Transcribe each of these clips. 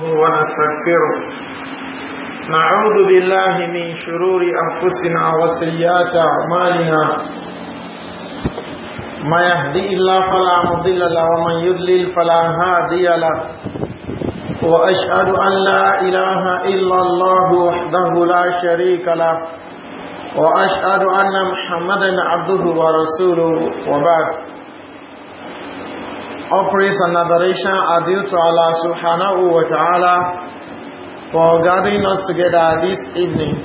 ونستغفره نعوذ بالله من شرور أنفسنا وسيئات أعمالنا ما يهدي الله فلا مضل له ومن يضلل فلا هادي له وأشهد أن لا إله إلا الله وحده لا شريك له وأشهد أن محمدا عبده ورسوله وبعد All praise and adoration are due to Allah subhanahu wa ta'ala for gathering us together this evening.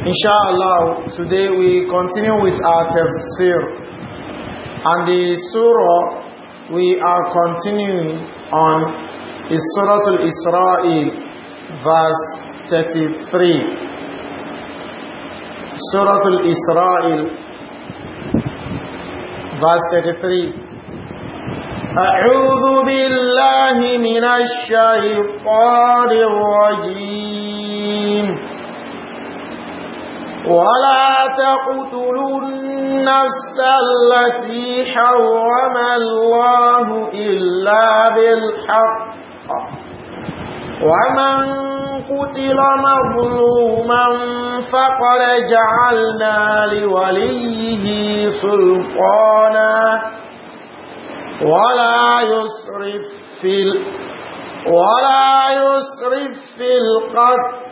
Inshallah, today we continue with our tafsir. And the surah we are continuing on is Surah al israil verse 33. Surah al israil verse 33. أعوذ بالله من الشيطان الرجيم ولا تقتلوا النفس التي حرم الله إلا بالحق ومن قتل مظلوما فقد جعلنا لوليه سلطانا ولا يسرف في ال... ولا يسرف في القتل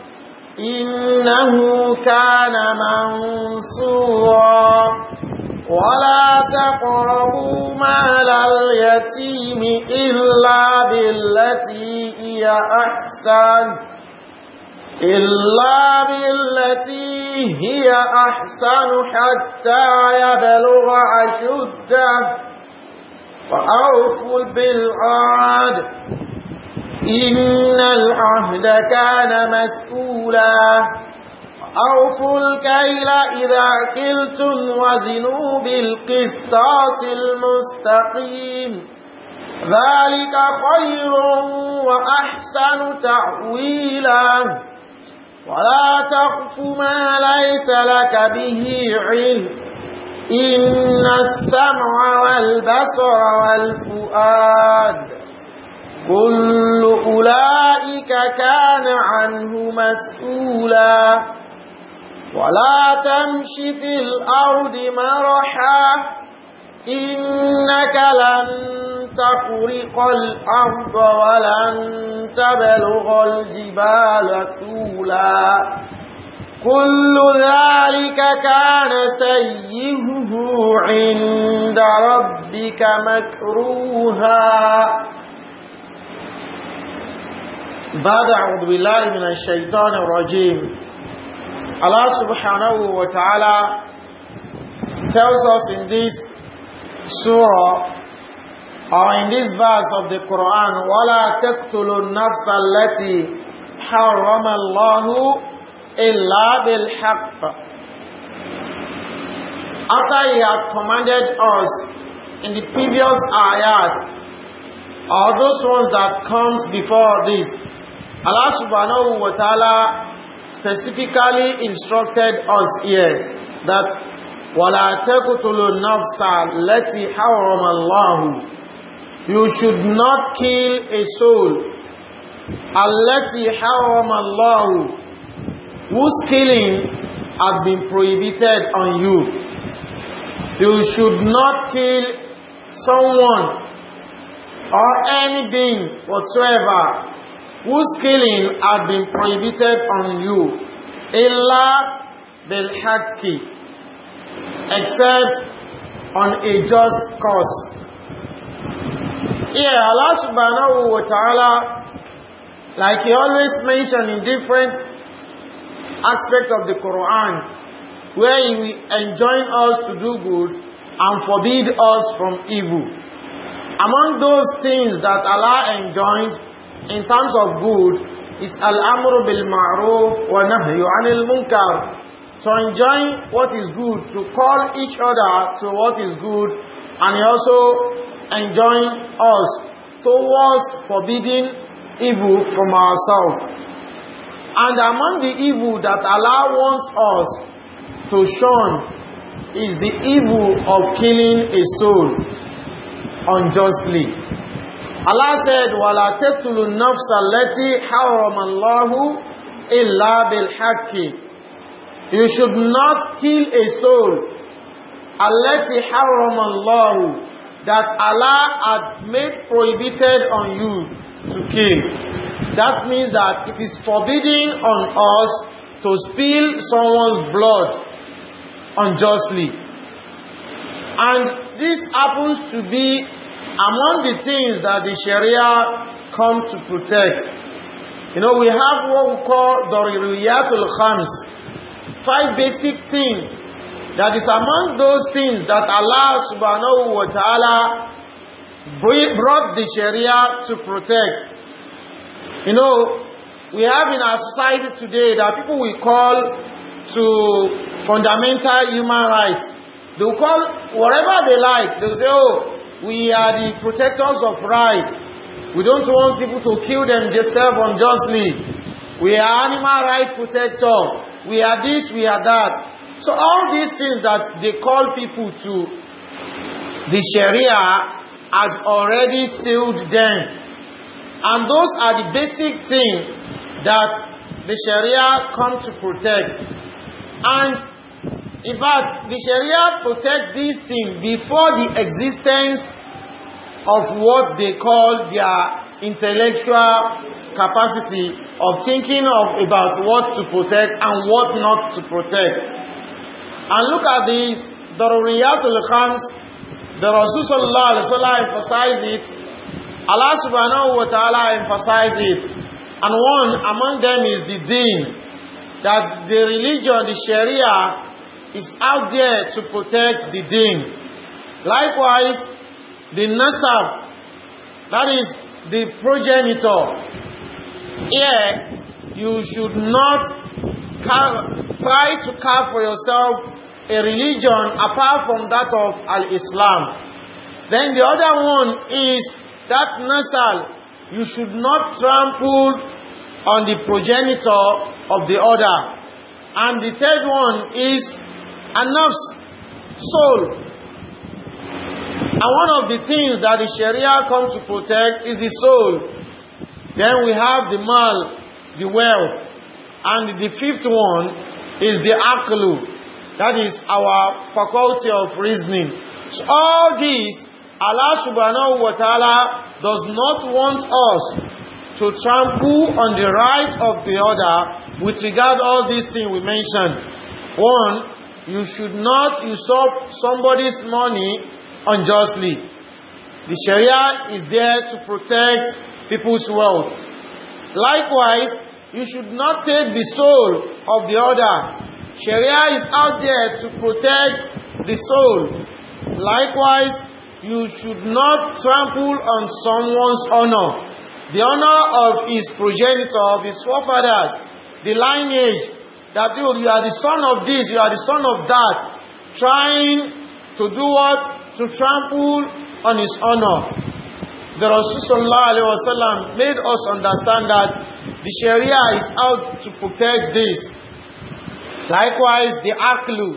إنه كان منصورا ولا تقربوا مال اليتيم إلا بالتي هي أحسن إلا بالتي هي أحسن حتى يبلغ أشده وأوفوا بالعهد إن العهد كان مسؤولا وأوفوا الكيل إذا كلتم وزنوا بالقسطاس المستقيم ذلك خير وأحسن تعويلا ولا تخف ما ليس لك به علم إن السمع والبصر والفؤاد كل أولئك كان عنه مسؤولا ولا تمش في الأرض مرحا إنك لن تخرق الأرض ولن تبلغ الجبال طولا كل ذلك كان سيئه عند ربك مكروها بعد أعوذ بالله من الشيطان الرجيم الله سبحانه وتعالى tells us in this surah or in this verse of the Quran وَلَا تَكْتُلُ النَّفْسَ الَّتِي حَرَّمَ اللَّهُ إلا بالحق after he has commanded us in the previous ayat all those ones that comes before this Allah subhanahu wa ta'ala specifically instructed us here that وَلَا تَقْتُلُ النَّفْسَ الَّتِي حَرَّمَ اللَّهُ You should not kill a soul الَّتِي حَرَّمَ اللَّهُ whose killing has been prohibited on you. You should not kill someone or any being whatsoever whose killing has been prohibited on you. Illa bilhaqi except on a just cause. Yeah, Allah subhanahu wa ta'ala, like he always mentioned in different aspect of the Quran where he enjoins us to do good and forbid us from evil. Among those things that Allah enjoins in terms of good is al-amru bil ma'ruf wa nahyu anil munkar. So enjoin what is good, to call each other to what is good, and he also enjoins us towards forbidding evil from ourselves. And among the evil that Allah wants us to shun is the evil of killing a soul unjustly. Allah said, وَلَا تَتُلُ النَّفْسَ الَّتِي حَرَّمَ اللَّهُ إِلَّا بِالْحَقِّ You should not kill a soul الَّتِي حَرَّمَ اللَّهُ that Allah had made prohibited on you to kill. That means that it is forbidding on us to spill someone's blood unjustly. And this happens to be among the things that the Sharia come to protect. You know, we have what we call the Riyatul Khams. Five basic things that is among those things that Allah subhanahu wa ta'ala brought the Sharia to protect. You know, we have in our society today that people we call to fundamental human rights. They will call whatever they like. They will say, oh, we are the protectors of rights. We don't want people to kill them themselves unjustly. We are animal rights protector. We are this, we are that. So all these things that they call people to the Sharia has already sealed them. And those are the basic things that the Sharia come to protect. And in fact, the Sharia protects these things before the existence of what they call their intellectual capacity of thinking of about what to protect and what not to protect. And look at these Daruriyatul Khams The Rasulullah sallallahu alaihi wasallam emphasized it. Allah subhanahu wa ta'ala emphasized it. And one among them is the deen. That the religion, the Sharia, is out there to protect the deen. Likewise, the nasab, that is the progenitor. Here, you should not try to carve for yourself a religion apart from that of al-Islam. Then the other one is that nasal, you should not trample on the progenitor of the other. And the third one is a nafs, soul. And one of the things that the Sharia come to protect is the soul. Then we have the mal, the wealth. And the fifth one is the aklu, That is our faculty of reasoning. So all these, Allah subhanahu wa ta'ala does not want us to trample on the right of the other with regard all these things we mentioned. One, you should not usurp somebody's money unjustly. The Sharia is there to protect people's wealth. Likewise, you should not take the soul of the other Sharia is out there to protect the soul. Likewise, you should not trample on someone's honor, the honor of his progenitor, of his forefathers, the lineage, that you, oh, you are the son of this, you are the son of that, trying to do what? To trample on his honor. The Rasulullah made us understand that the Sharia is out to protect this. Likewise, the aklu,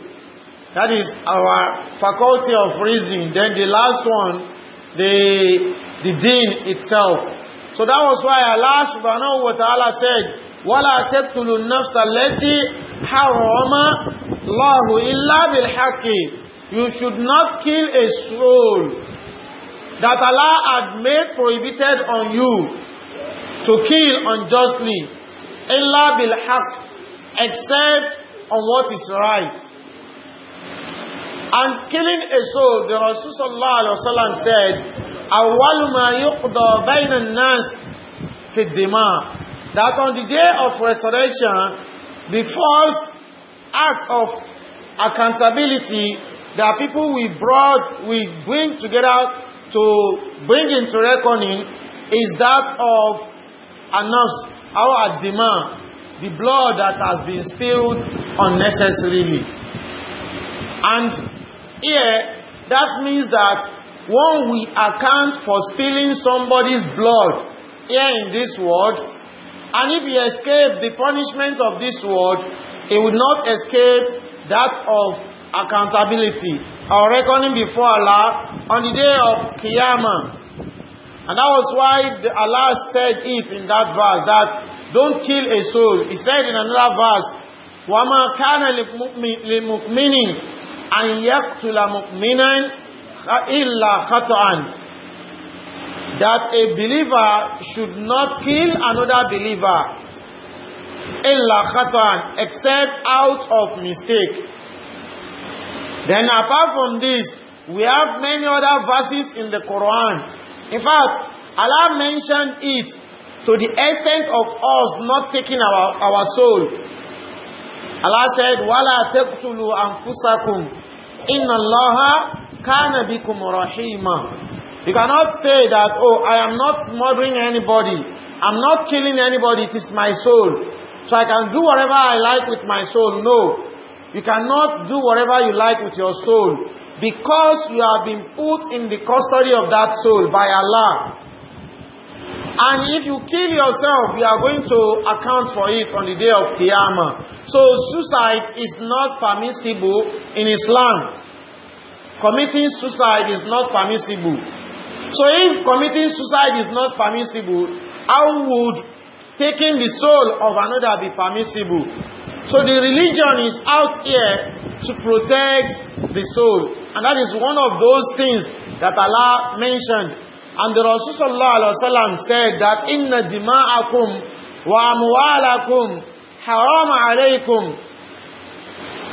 that is our faculty of reasoning. Then the last one, the, the deen itself. So that was why Allah subhanahu wa ta'ala said, ولا تقتلوا النفس التي حرم الله إلا بالحق you should not kill a soul that Allah had made prohibited on you to kill unjustly إلا بالحق except on what is right. And killing a soul, the Rasul sallallahu alaihi wasallam said, "Awwal ma yuqda bayna an-nas fi That on the day of resurrection, the first act of accountability that people we brought, we bring together to bring into reckoning is that of a our demand the blood that has been spilled unnecessarily. And here, that means that when we account for spilling somebody's blood here in this world, and if he escaped the punishment of this world, he would not escape that of accountability or reckoning before Allah on the day of Qiyamah. And that was why Allah said it in that verse that Don't kill a soul. He said in another verse, وَمَا كَانَ لِمُؤْمِنٍ أَنْ يَقْتُلَ مُؤْمِنًا إِلَّا خَطَعًا That a believer should not kill another believer إِلَّا خَطَعًا except out of mistake. Then apart from this, we have many other verses in the Quran. In fact, Allah mentioned it to the extent of us not taking our, our soul. Allah said, وَلَا تَقْتُلُوا أَنفُسَكُمْ إِنَّ اللَّهَ kana بِكُمْ رَحِيمًا You cannot say that, oh, I am not murdering anybody. I'm not killing anybody. It is my soul. So I can do whatever I like with my soul. No. You cannot do whatever you like with your soul because you have been put in the custody of that soul by Allah. And if you kill yourself, you are going to account for it on the day of Qiyamah. So suicide is not permissible in Islam. Committing suicide is not permissible. So if committing suicide is not permissible, how would taking the soul of another be permissible? So the religion is out here to protect the soul. And that is one of those things that Allah mentioned And the Rasulullah said that, Inna dima'akum wa amwalakum haram alaykum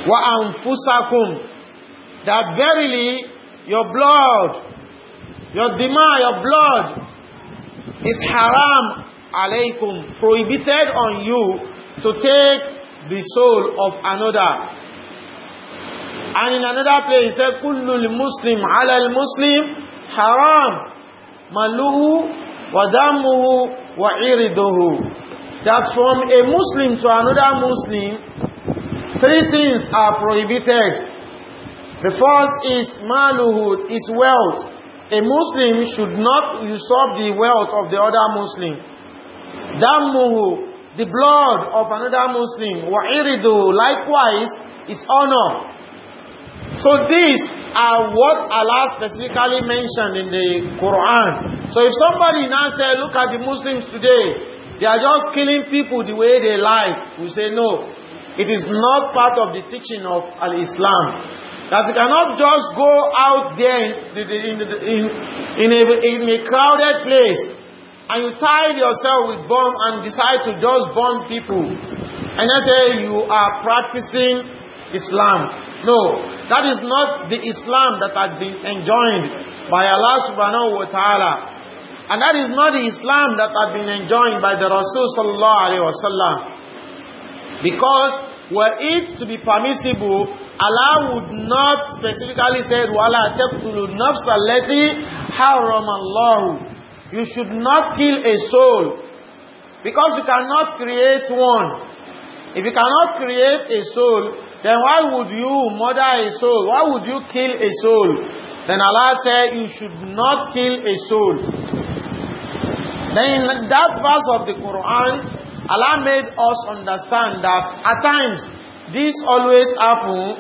wa anfusakum. That verily your blood, your dima, your blood is haram alaykum, prohibited on you to take the soul of another. And in another place, he said, كل المسلم على المسلم haram. maluhu wa damuhu wa iriduhu that from a Muslim to another Muslim three things are prohibited the first is maluhu is wealth a Muslim should not usurp the wealth of the other Muslim damuhu the blood of another Muslim wa iriduhu likewise is honor So these are what Allah specifically mentioned in the Quran. So if somebody now says, look at the Muslims today, they are just killing people the way they like, we say no. It is not part of the teaching of Al-Islam. That you cannot just go out there in, in, in, in, a, in a crowded place and you tie yourself with bomb and decide to just bomb people. And I say you are practicing Islam. No, that is not the Islam that had been enjoined by Allah subhanahu wa ta'ala. And that is not the Islam that had been enjoined by the Rasul sallallahu alayhi wa sallam. Because were it to be permissible, Allah would not specifically say, وَلَا تَقْتُلُ النَّفْسَ الَّتِي حَرَّمَ اللَّهُ You should not kill a soul. Because you cannot create one. If you cannot create a soul, then why would you murder a soul? Why would you kill a soul? Then Allah said, you should not kill a soul. Then in that verse of the Quran, Allah made us understand that at times, this always happen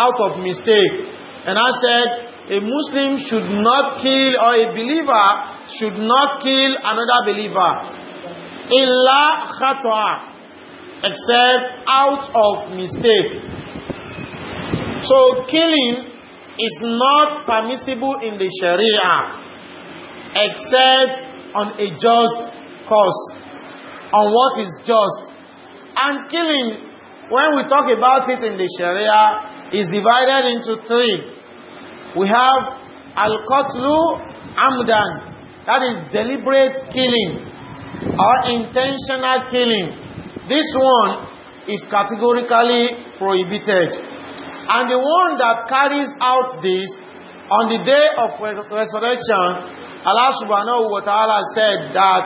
out of mistake. And I said, a Muslim should not kill, or a believer should not kill another believer. إِلَّا khata'a except out of mistake. So killing is not permissible in the Sharia except on a just cause, on what is just. And killing, when we talk about it in the Sharia, is divided into three. We have al-qatlu amdan, that is deliberate killing or intentional killing. This one is categorically prohibited. And the one that carries out this on the day of resurrection, Allah subhanahu wa ta'ala said that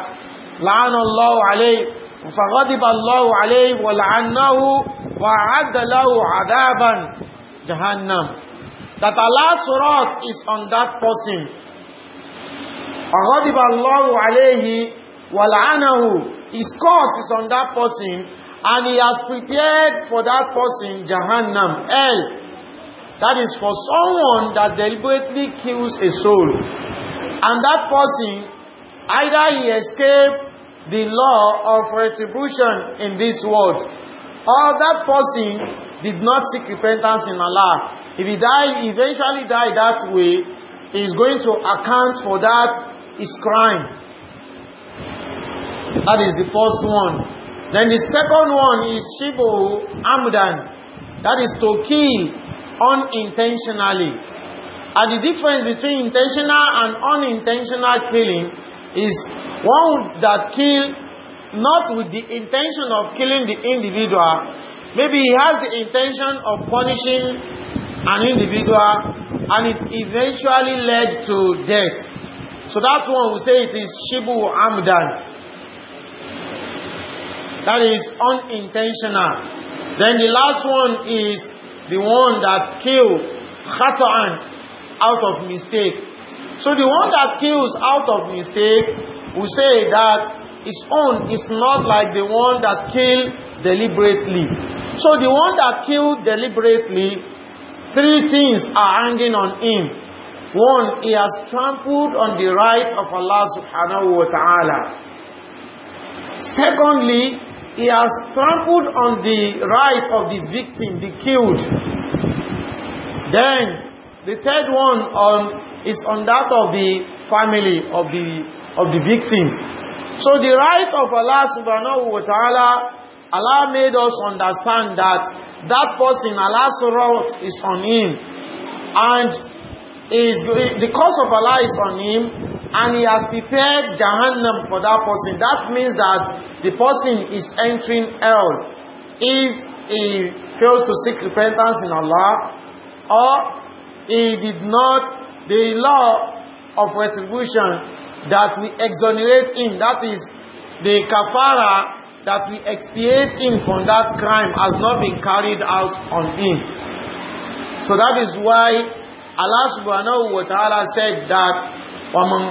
لَعَنَ اللَّهُ عَلَيْهِ فَغَضِبَ اللَّهُ عَلَيْهِ وَلَعَنَّهُ وَعَدَّ لَهُ عَذَابًا جَهَنَّمْ That Allah's wrath is on that person. وَغَضِبَ اللَّهُ عَلَيْهِ وَلَعَنَهُ His curse is on that person and he has prepared for that person Jahannam, hell. That is for someone that deliberately kills a soul. And that person, either he escaped the law of retribution in this world, or that person did not seek repentance in Allah. If he died, eventually died that way, he is going to account for that his crime. That is the first one. Then the second one is Shibu Amdan. That is to kill unintentionally. And the difference between intentional and unintentional killing is one that kill not with the intention of killing the individual. Maybe he has the intention of punishing an individual and it eventually led to death. So that one we say it is Shibu Amdan. That is unintentional. Then the last one is the one that kills khatoan out of mistake. So the one that kills out of mistake will say that its own is not like the one that killed deliberately. So the one that killed deliberately, three things are hanging on him. One, he has trampled on the rights of Allah subhanahu wa ta'ala. Secondly, he has trampled on the right of the victim, the killed. Then the third one on, um, is on that of the family of the, of the victim. So the right of Allah subhanahu wa ta'ala, Allah made us understand that that person, Allah's wrath is on him. And is, the cause of Allah is on him and he has prepared Jahannam for that person. That means that the person is entering hell if he fails to seek repentance in Allah or he did not, the law of retribution that we exonerate him, that is the kafara that we expiate him from that crime has not been carried out on him. So that is why Allah subhanahu wa ta'ala said that ومن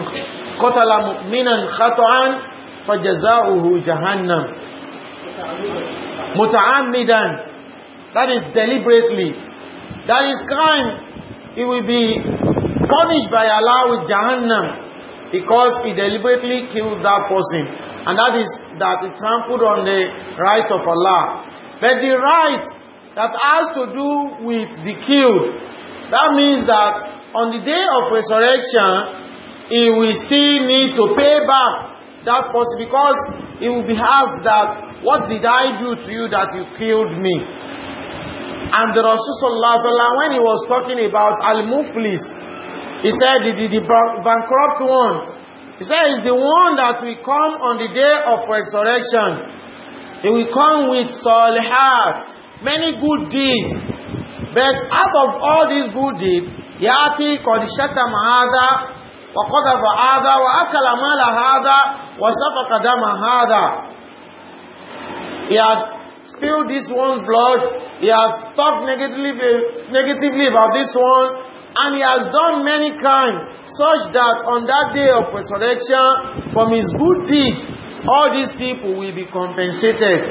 قتل مؤمنا خطأ فجزاؤه جهنم متعمدا that is deliberately that is crime he will be punished by Allah with Jahannam because he deliberately killed that person and that is that it trampled on the right of Allah but the right that has to do with the killed that means that on the day of resurrection he will still need to pay back that person because he will be asked that, what did I do to you that you killed me? And the Rasulullah when he was talking about Al-Muflis, he said the, the, the bankrupt one, he said, it's the one that will come on the day of resurrection. He will come with salihat, many good deeds. But out of all these good deeds, yati qad shatama hadha وقذف هذا وأكل مال هذا وسفك دم هذا He has spilled this one's blood, he has talked negatively, negatively about this one, and he has done many crimes, such that on that day of resurrection, from his good deed, all these people will be compensated.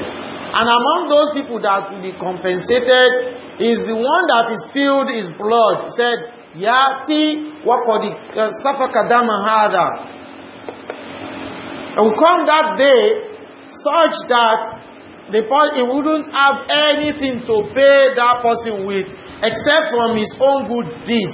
And among those people that will be compensated is the one that is spilled his blood. He said, yati وقد سفك دم هذا it will come that day such that the person wouldn't have anything to pay that person with except from his own good deed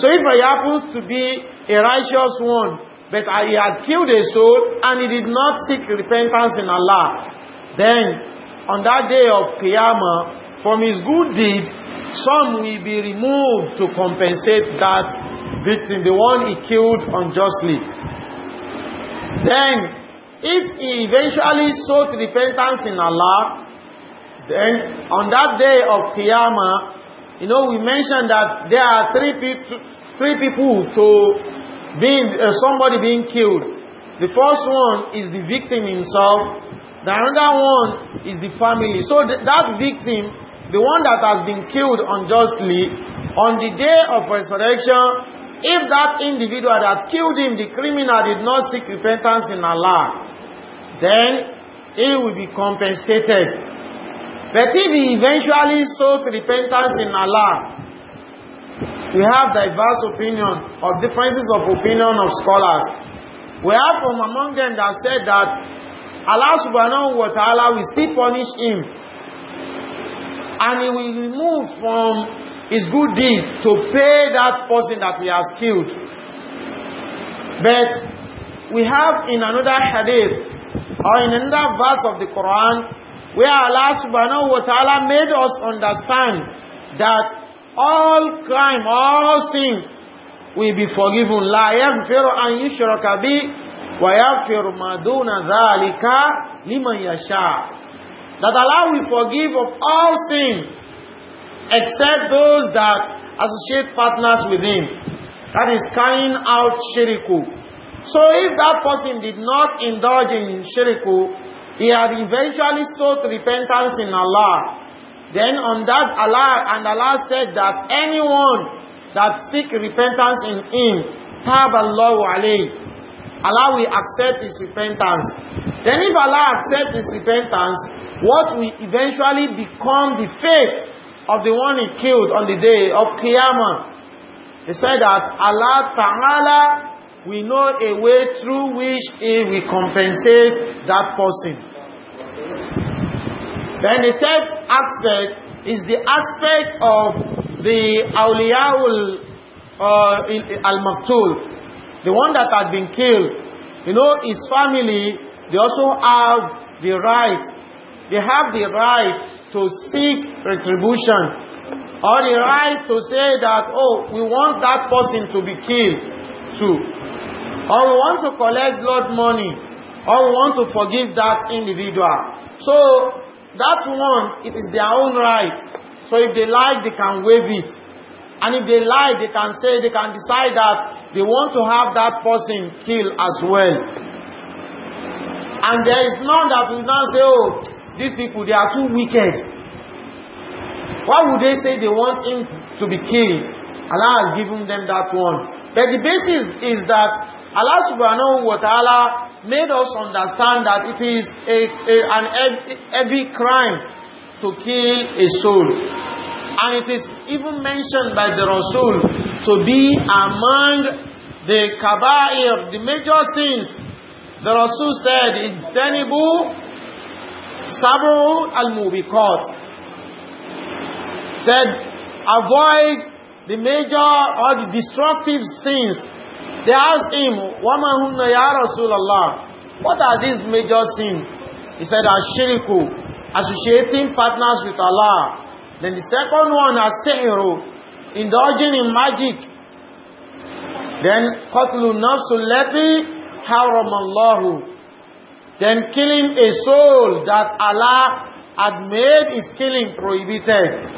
so if he happens to be a righteous one but he had killed a soul and he did not seek repentance in Allah then on that day of Qiyamah from his good deed Some will be removed to compensate that victim, the one he killed unjustly. Then, if he eventually sought repentance in Allah, then on that day of Qiyamah, you know, we mentioned that there are three people, three people to being, uh, somebody being killed. The first one is the victim himself. The other one is the family. So th that victim the one that has been killed unjustly, on the day of resurrection, if that individual that killed him, the criminal, did not seek repentance in Allah, then he will be compensated. But if he eventually sought repentance in Allah, we have diverse opinion or differences of opinion of scholars. We have from among them that said that Allah subhanahu wa ta'ala will still punish him and he will remove from his good deed to pay that person that he has killed. But we have in another hadith or in another verse of the Quran where Allah subhanahu wa ta'ala made us understand that all crime, all sin will be forgiven. لا يغفر أن يشرك به ويغفر ما دون ذلك لمن يشاء that Allah will forgive of all sin except those that associate partners with him. That is carrying out shiriku. So if that person did not indulge in shiriku, he had eventually sought repentance in Allah. Then on that Allah, and Allah said that anyone that seek repentance in him, tab Allah alayhi. Allah will accept his repentance. Then if Allah accepts his repentance, what will eventually become the fate of the one he killed on the day of Qiyamah. He said that Allah Ta'ala will know a way through which he will compensate that person. Then the third aspect is the aspect of the awliyaul uh, al-maktul, the one that had been killed. You know, his family, they also have the right they have the right to seek retribution or the right to say that, oh, we want that person to be killed too. Or we want to collect blood money. Or we want to forgive that individual. So, that one, it is their own right. So if they like, they can waive it. And if they like, they can say, they can decide that they want to have that person killed as well. And there is none that will now say, oh, These people, they are too wicked. Why would they say they want him to be killed? Allah has given them that one. But the basis is that Allah subhanahu wa ta'ala made us understand that it is a, a, an heavy crime to kill a soul. And it is even mentioned by the Rasul to be among the kabair, the major sins. The Rasul said, Ijtanibu Sabu al-mubiqat said, avoid the major or the destructive sins. They asked him, وَمَا هُنَّ يَا رَسُولَ اللَّهِ What are these major sins? He said, ashiriku, associating partners with Allah. Then the second one, asiru, indulging in magic. Then, قَتْلُ نَفْسُ الَّتِي حَرَمَ اللَّهُ Then killing a soul that Allah had made is killing prohibited.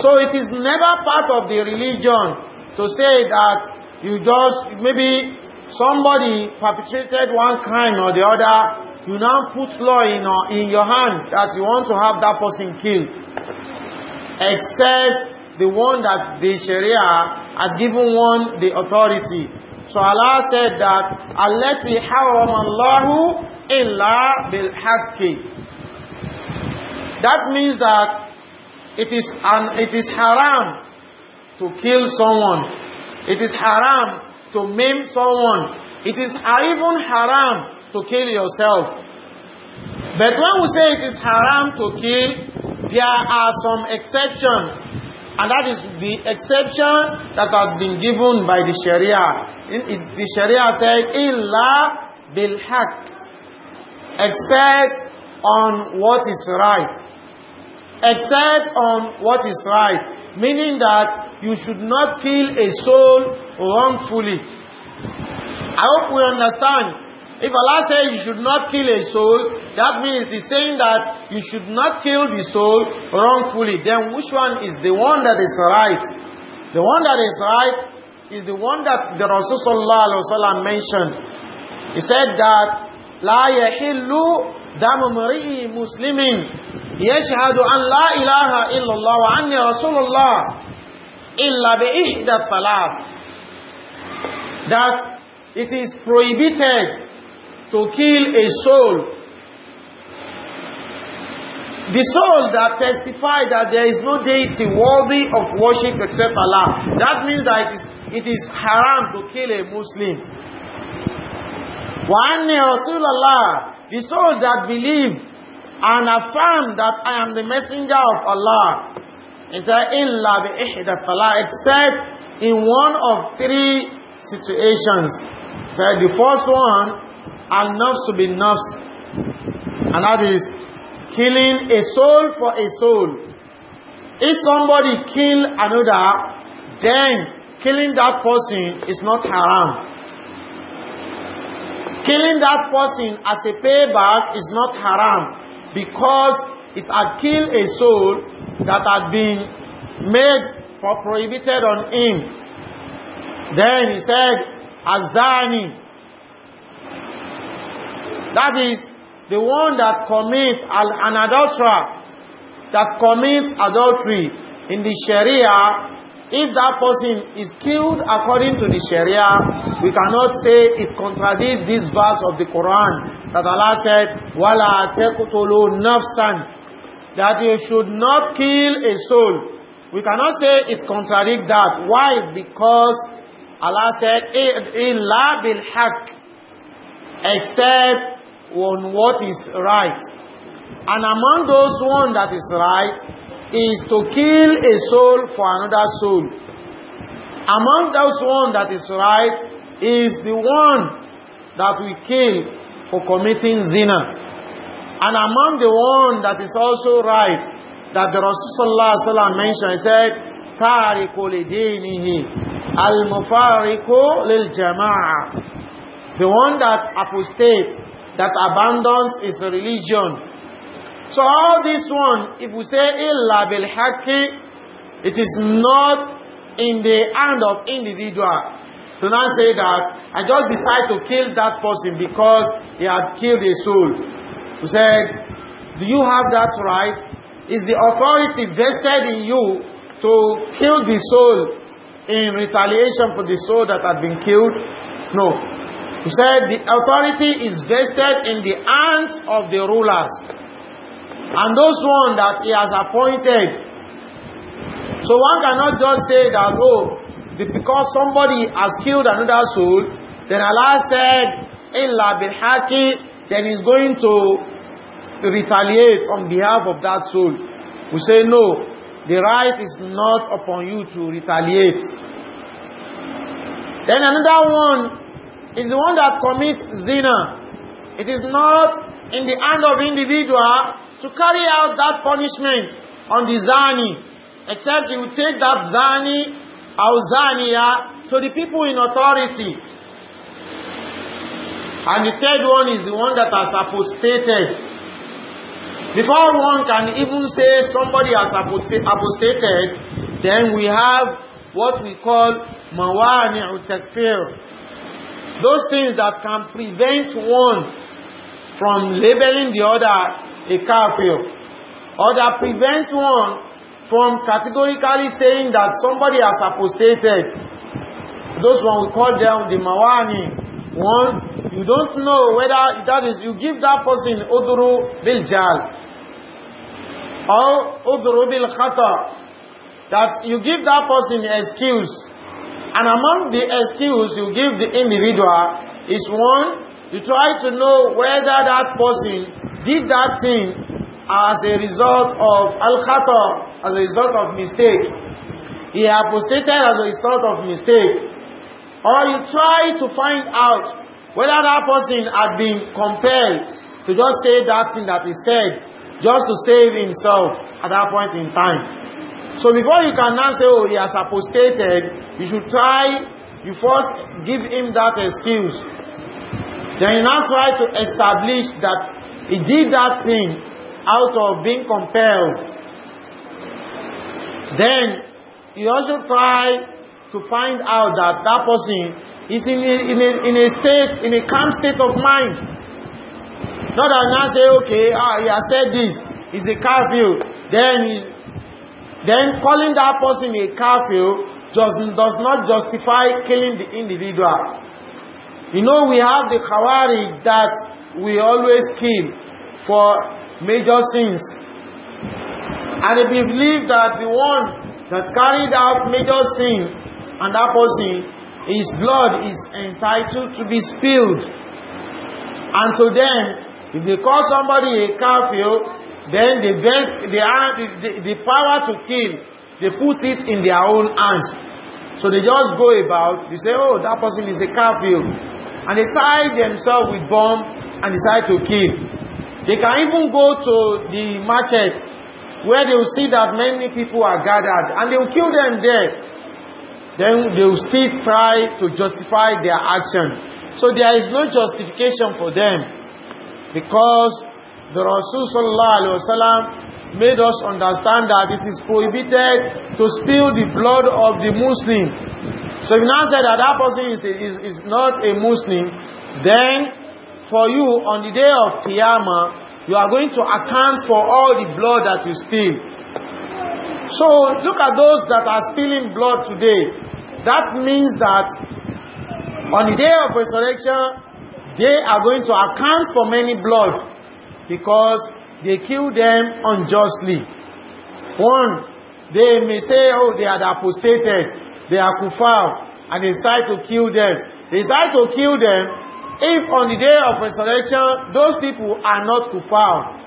So it is never part of the religion to say that you just, maybe somebody perpetrated one crime or the other, you now put law in, or in your hand that you want to have that person killed. Except the one that the Sharia had given one the authority. So Allah said that, الَّتِي حَرَّمَ اللَّهُ illa bil haqqi. That means that it is an it is haram to kill someone. It is haram to maim someone. It is even haram to kill yourself. But when we say it is haram to kill, there are some exceptions. And that is the exception that has been given by the Sharia. the Sharia said, Illa bil haqq. except on what is right. Except on what is right. Meaning that you should not kill a soul wrongfully. I hope we understand. If Allah says you should not kill a soul, that means he's saying that you should not kill the soul wrongfully. Then which one is the one that is right? The one that is right is the one that the Rasulullah mentioned. He said that لا يحل دم امرئ مسلم يشهد أن لا إله إلا الله وأني رسول الله إلا بإحدى الطلاق that it is prohibited to kill a soul the soul that testifies that there is no deity worthy of worship except Allah. That means that it is, it is haram to kill a Muslim. Wa anni اللَّهِ The souls that believe and affirm that I am the messenger of Allah. It's a إِلَّا بِإِحْدَ الطَّلَاقِ Except in one of three situations. So the first one, al-nafs bin nafs. And that is killing a soul for a soul. If somebody kill another, then killing that person is not haram. Killing that person as a payback is not haram because it had killed a soul that had been made for prohibited on him. Then he said, Azani. That is the one that commits an adulterer, that commits adultery in the Sharia if that person is killed according to the Sharia, we cannot say it contradicts this verse of the Quran that Allah said, وَلَا تَقْتُلُوا nafsan," That you should not kill a soul. We cannot say it contradicts that. Why? Because Allah said, "In إِلَّا بِالْحَقِّ Except on what is right. And among those one that is right, is to kill a soul for another soul. Among those one that is right is the one that we kill for committing zina. And among the one that is also right that the Rasulullah Sallallahu mentioned, he said, Tariku li dinihi, al-mufariku lil jama'a. The one that apostates, that abandons his religion So all this one, if we say illa bil haqi, it is not in the hand of individual. Do not say that I just decide to kill that person because he had killed a soul. We said, do you have that right? Is the authority vested in you to kill the soul in retaliation for the soul that had been killed? No. He said the authority is vested in the hands of the rulers and those one that he has appointed. So one cannot just say that, oh, because somebody has killed another soul, then Allah said, Illa bin Haki, then he's going to, to retaliate on behalf of that soul. We say, no, the right is not upon you to retaliate. Then another one is the one that commits zina. It is not in the hand of individual to carry out that punishment on the zani, except he will take that zani or zaniya to the people in authority. And the third one is the one that has apostated. Before one can even say somebody has apostated, then we have what we call mawani'u takfir. Those things that can prevent one from labeling the other a kafir or that prevents one from categorically saying that somebody has apostated. Those one we call them the mawani. One, you don't know whether that is, you give that person udru bil jal or udru bil khata. That you give that person excuse. And among the excuse you give the individual is one, You try to know whether that person did that thing as a result of al-khata, as a result of mistake. He apostated as a result of mistake. Or you try to find out whether that person had been compelled to just say that thing that he said just to save himself at that point in time. So before you can now say, oh, he has apostated, you should try, you first give him that excuse Then you now try to establish that he did that thing out of being compelled. Then you also try to find out that that person is in a, in a, in a state, in a calm state of mind. Not that now say, okay, ah, he has said this, it's a curfew. Then, then calling that person a curfew just, does not justify killing the individual. You know, we have the khawari that we always kill for major sins. And they believe that the one that carried out major sin and that his blood is entitled to be spilled. And to them, if they call somebody a kafir, then the, best, the, the, the power to kill, they put it in their own hand. So they just go about, they say, oh, that person is a kafir and they tie themselves with bomb and decide to kill. They can even go to the market where they will see that many people are gathered and they will kill them there. Then they will still try to justify their action. So there is no justification for them because the Rasul Sallallahu Alaihi Wasallam made us understand that it is prohibited to spill the blood of the Muslim So if you now say that that person is, is, is not a Muslim, then for you on the day of Qiyamah, you are going to account for all the blood that you steal. So look at those that are stealing blood today. That means that on the day of resurrection, they are going to account for many blood because they kill them unjustly. One, they may say, oh, they had apostated They are kufar and they decide to kill them. They decide to kill them if on the day of resurrection those people are not kufar.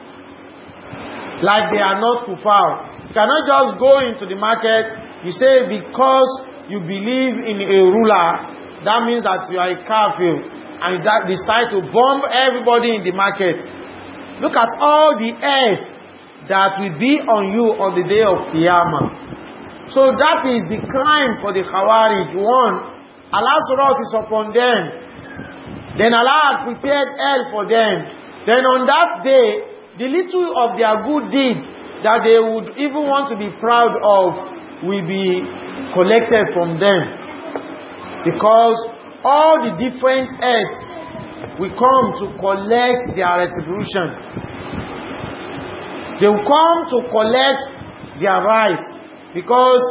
Like they are not kufar. You cannot just go into the market, you say because you believe in a ruler, that means that you are a kafir and that decide to bomb everybody in the market. Look at all the earth that will be on you on the day of Qiyamah. So that is the crime for the Khawarij. One, Allah's wrath is upon them. Then Allah had prepared hell for them. Then on that day, the little of their good deeds that they would even want to be proud of will be collected from them. Because all the different earths will come to collect their retribution. They will come to collect their rights. Because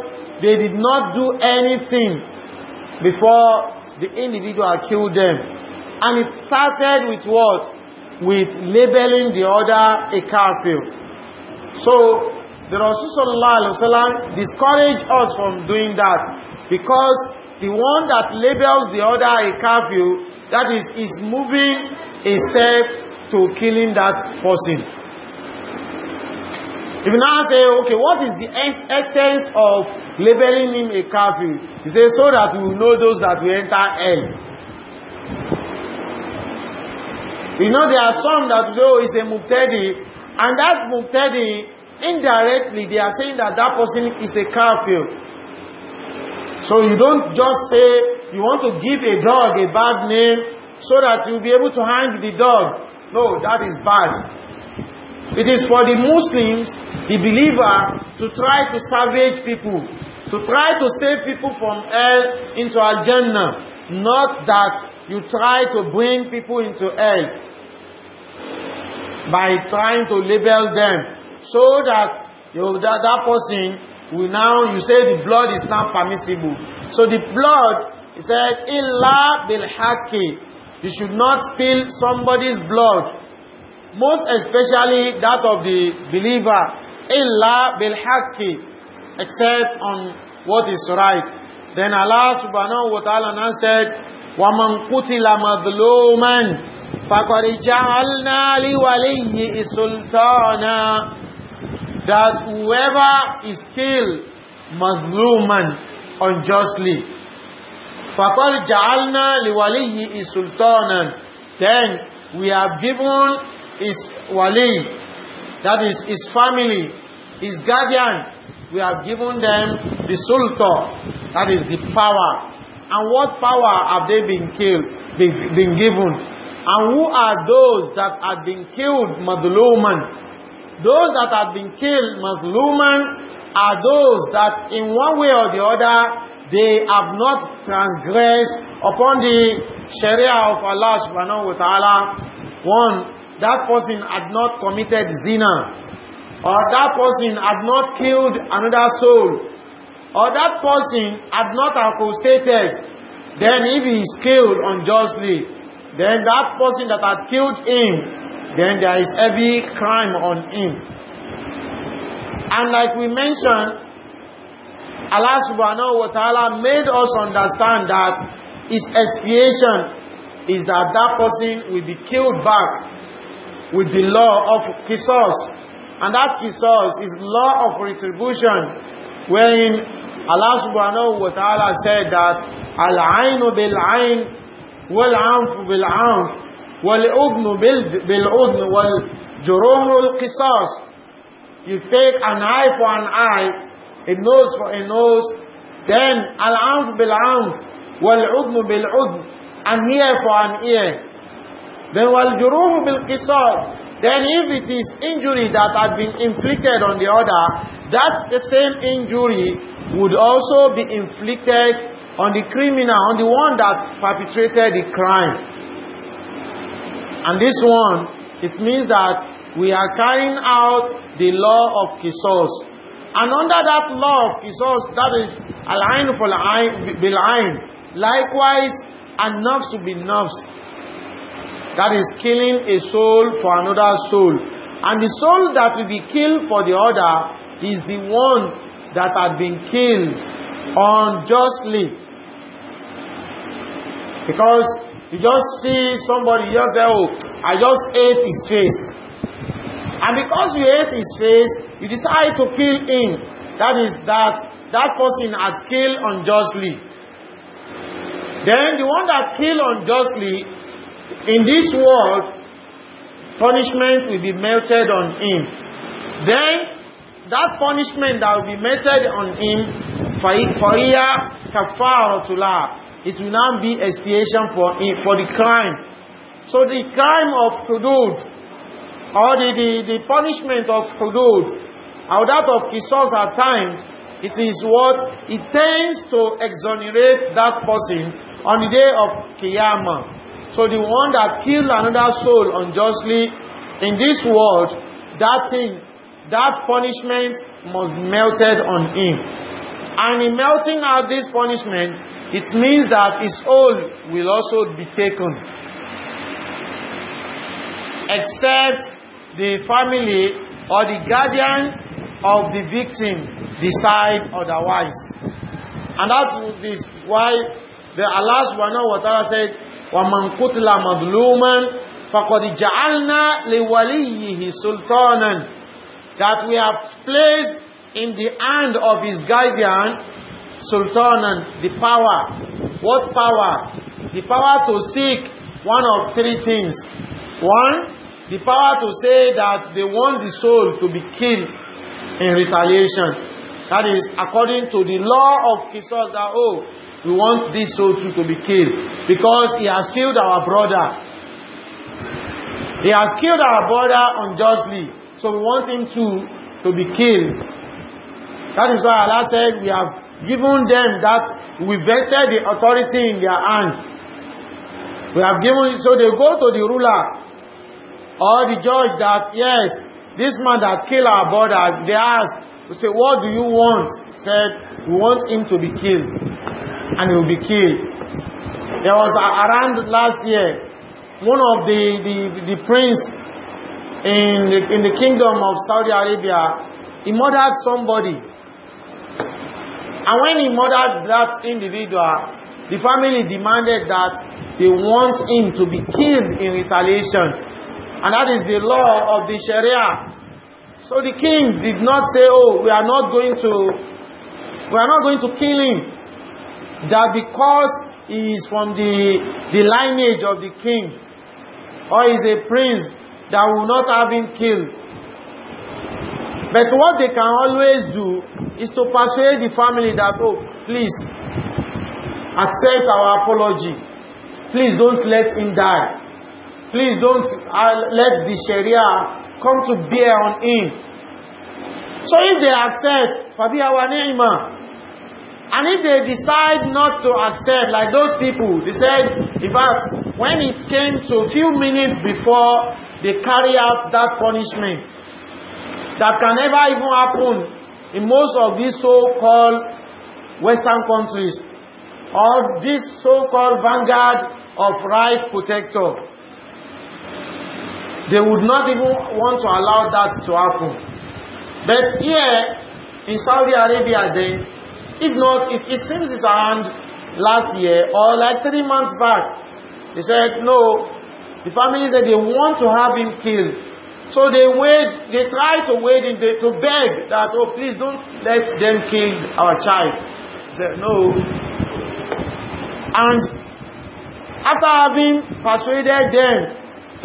they did not do anything before the individual killed them. And it started with what? With labeling the other a kafir. So, the Rasulullah discouraged us from doing that because the one that labels the other a kafir, that is, is moving a step to killing that person. If you now say, okay, what is the essence of labeling him a kafir? He says, so that we know those that we enter hell. You know, there are some that say, oh, he's a muqtadi, and that muqtadi, indirectly, they are saying that that person is a kafir. So you don't just say, you want to give a dog a bad name so that you'll be able to hang the dog. No, that is bad. It is for the Muslims, the believer, to try to salvage people, to try to save people from hell into Al-Jannah, not that you try to bring people into hell by trying to label them so that you, that, that person will now, you say the blood is not permissible. So the blood, it said, Illa bil -haki. You should not spill somebody's blood most especially that of the believer, إِلَّا bil except on what is right. Then Allah subhanahu wa ta'ala answered, said, وَمَنْ قُتِلَ مَظْلُومًا فَقَدْ جَعَلْنَا لِوَلِيِّهِ سُلْطَانًا That whoever is killed, mazluman, unjustly, فَقَدْ جَعَلْنَا لِوَلِيِّهِ سُلْطَانًا Then we have given his wali, that is his family, his guardian, we have given them the sultan, that is the power. And what power have they been killed, been, been given? And who are those that have been killed madluman? Those that have been killed madluman are those that in one way or the other, they have not transgressed upon the Sharia of Allah subhanahu wa ta'ala. One, that person had not committed zina, or that person had not killed another soul, or that person had not apostated, then if he is killed unjustly, then that person that had killed him, then there is heavy crime on him. And like we mentioned, Allah subhanahu wa ta'ala made us understand that his expiation is that that person will be killed back with the law of Kisos. And that Kisos is law of retribution, wherein Allah subhanahu wa ta'ala said that Al-Ainu bil-Ain, wal-Anfu bil-Anf, wal-Udnu bil-Udnu, wal-Juruhu al-Kisos. You take an eye for an eye, a nose for a nose, then Al-Anf bil-Anf, wal-Udnu bil-Udnu, an ear for an ear. Then while juruhu bil qisas, then if it is injury that had been inflicted on the other, that the same injury would also be inflicted on the criminal, on the one that perpetrated the crime. And this one, it means that we are carrying out the law of Kisos. And under that law of Kisos, that for Al-Ain bil-Ain, likewise, an-nafs bin-nafs. That is killing a soul for another soul. And the soul that will be killed for the other is the one that had been killed unjustly. Because you just see somebody, you just say, oh, I just ate his face. And because you ate his face, you decide to kill him. That is that that person had killed unjustly. Then the one that killed unjustly In this world, punishment will be melted on him. Then, that punishment that will be melted on him, فَإِيَا كَفَّارَةُ لَهُ It will now be expiation for him, for the crime. So the crime of hudud, or the, the, the punishment of hudud, or that of Kisos at times, it is what? It tends to exonerate that person on the day of Qiyamah. So the one that killed another soul unjustly in this world, that thing, that punishment must melted on him. And in melting out this punishment, it means that his soul will also be taken. Except the family or the guardian of the victim decide otherwise. And that's why the Allah subhanahu wa ta'ala said, ومن قتل مظلوما فقد جعلنا لوليه سلطانا that we have placed in the hand of his guardian sultanan the power what power the power to seek one of three things one the power to say that they want the soul to be killed in retaliation that is according to the law of kisot that oh We want this soul too to be killed because he has killed our brother. He has killed our brother unjustly. So we want him too to be killed. That is why Allah said we have given them that we vested the authority in their hand. We have given so they go to the ruler or the judge that yes, this man that killed our brother, they ask, we say, what do you want? Said, we want him to be killed and he will be killed. There was around last year, one of the, the, the prince in the, in the kingdom of Saudi Arabia, he murdered somebody. And when he murdered that individual, the family demanded that they want him to be killed in retaliation. And that is the law of the Sharia. So the king did not say, oh, we are not going to, we are not going to kill him that because he is from the, the lineage of the king or is a prince that will not have him killed. But what they can always do is to persuade the family that, oh, please, accept our apology. Please don't let him die. Please don't uh, let the Sharia come to bear on him. So if they accept, Fabi Awanima, And if they decide not to accept, like those people, they said, in fact, when it came to a few minutes before they carry out that punishment, that can never even happen in most of these so-called Western countries, or this so-called vanguard of right protector. They would not even want to allow that to happen. But here, in Saudi Arabia they If not, it, it seems it's around last year or like three months back. He said, no, the family said they want to have him killed. So they wait, they try to wait the, to beg that, oh please don't let them kill our child. He said, no. And after having persuaded them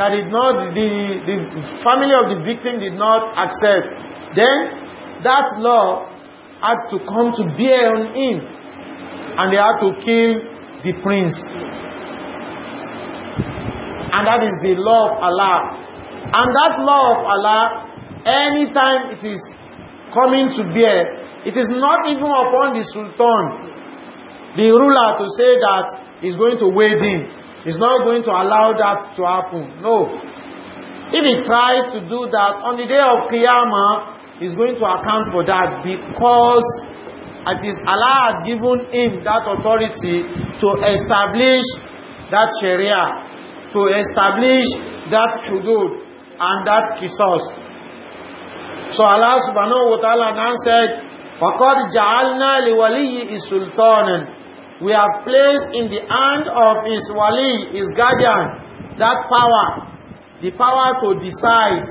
that it not, the, the family of the victim did not accept, then that law had to come to bear on him and they had to kill the prince. And that is the law of Allah. And that law of Allah, anytime it is coming to bear, it is not even upon the sultan, the ruler to say that he's going to wade in. He's not going to allow that to happen. No. If he tries to do that, on the day of Qiyamah, is going to account for that because it is Allah has given him that authority to establish that Sharia, to establish that Hudud and that Qisas. So Allah subhanahu wa ta'ala now said, وَقَدْ جَعَلْنَا لِوَلِيِّ سُلْطَانًا We have placed in the hand of his wali, his guardian, that power, the power to decide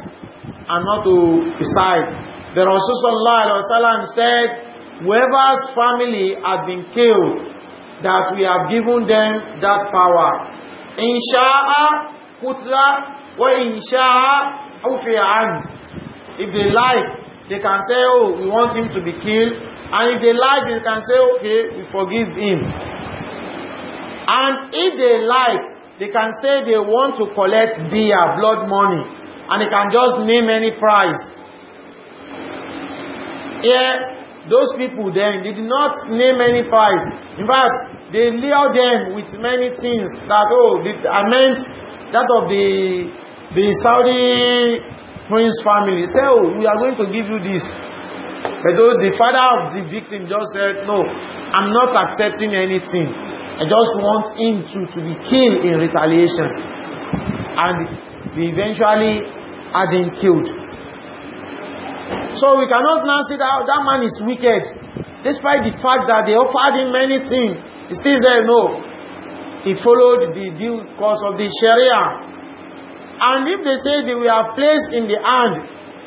and not to decide. The Rasulullah said, whoever's family has been killed, that we have given them that power. Insha'a kutla wa insha'a ufi'an. If they like, they can say, oh, we want him to be killed. And if they like, they can say, okay, we forgive him. And if they like, they can say they want to collect their blood money. And they can just name any price here, those people then, they did not name any price. In fact, they layered them with many things that, oh, I meant that of the, the Saudi prince family. Say, oh, we are going to give you this. But though the father of the victim just said, no, I'm not accepting anything. I just want him to, to be killed in retaliation. And he eventually had him killed. So we cannot now say that oh, that man is wicked. Despite the fact that they offered him many things, he still said no. He followed the due course of the Sharia. And if they say they were placed in the hand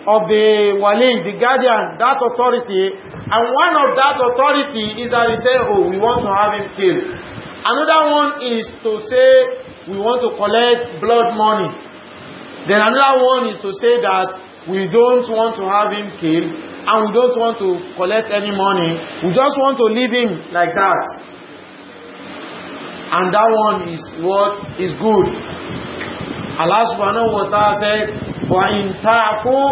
of the wali, the guardian, that authority, and one of that authority is that he say, oh, we want to have him killed. Another one is to say, we want to collect blood money. Then another one is to say that We don't want to have him killed and we don't want to collect any money. We just want to leave him like that. And that one is what is good. Allah subhanahu wa ta'ala said, in وَإِن تَعْفُوا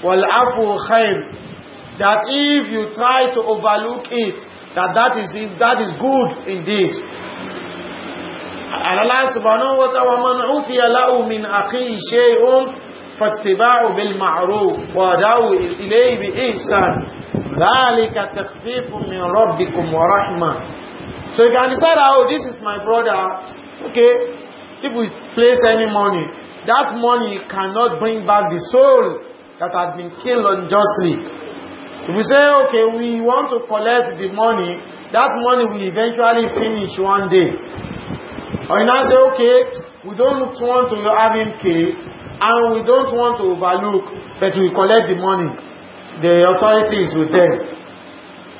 وَالْعَفُوا خَيْرٌ That if you try to overlook it, that that is, that is good indeed. Allah subhanahu wa ta'ala, وَمَنْ عُفِيَ لَهُ مِنْ أَخِي شَيْءٌ فاتباع بالمعروف ودعو إليه بإحسان ذلك تخفيف من ربكم ورحمة So you can decide, oh, this is my brother. Okay, if we place any money, that money cannot bring back the soul that has been killed unjustly. If we say, okay, we want to collect the money, that money will eventually finish one day. Or you now say, okay, we don't want to have him killed, and we don't want to overlook that we collect the money. The authority is with them.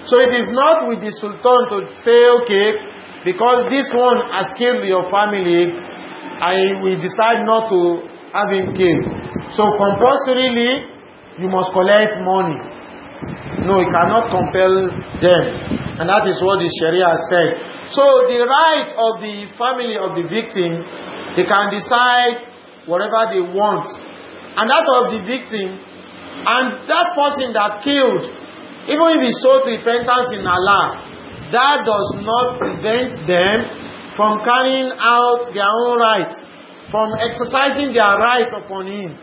So it is not with the Sultan to say, okay, because this one has killed your family, I will decide not to have him killed. So compulsorily, you must collect money. No, you cannot compel them. And that is what the Sharia said. So the right of the family of the victim, they can decide whatever they want, and that of the victim, and that person that killed, even if he sought repentance in Allah, that does not prevent them from carrying out their own right, from exercising their right upon him.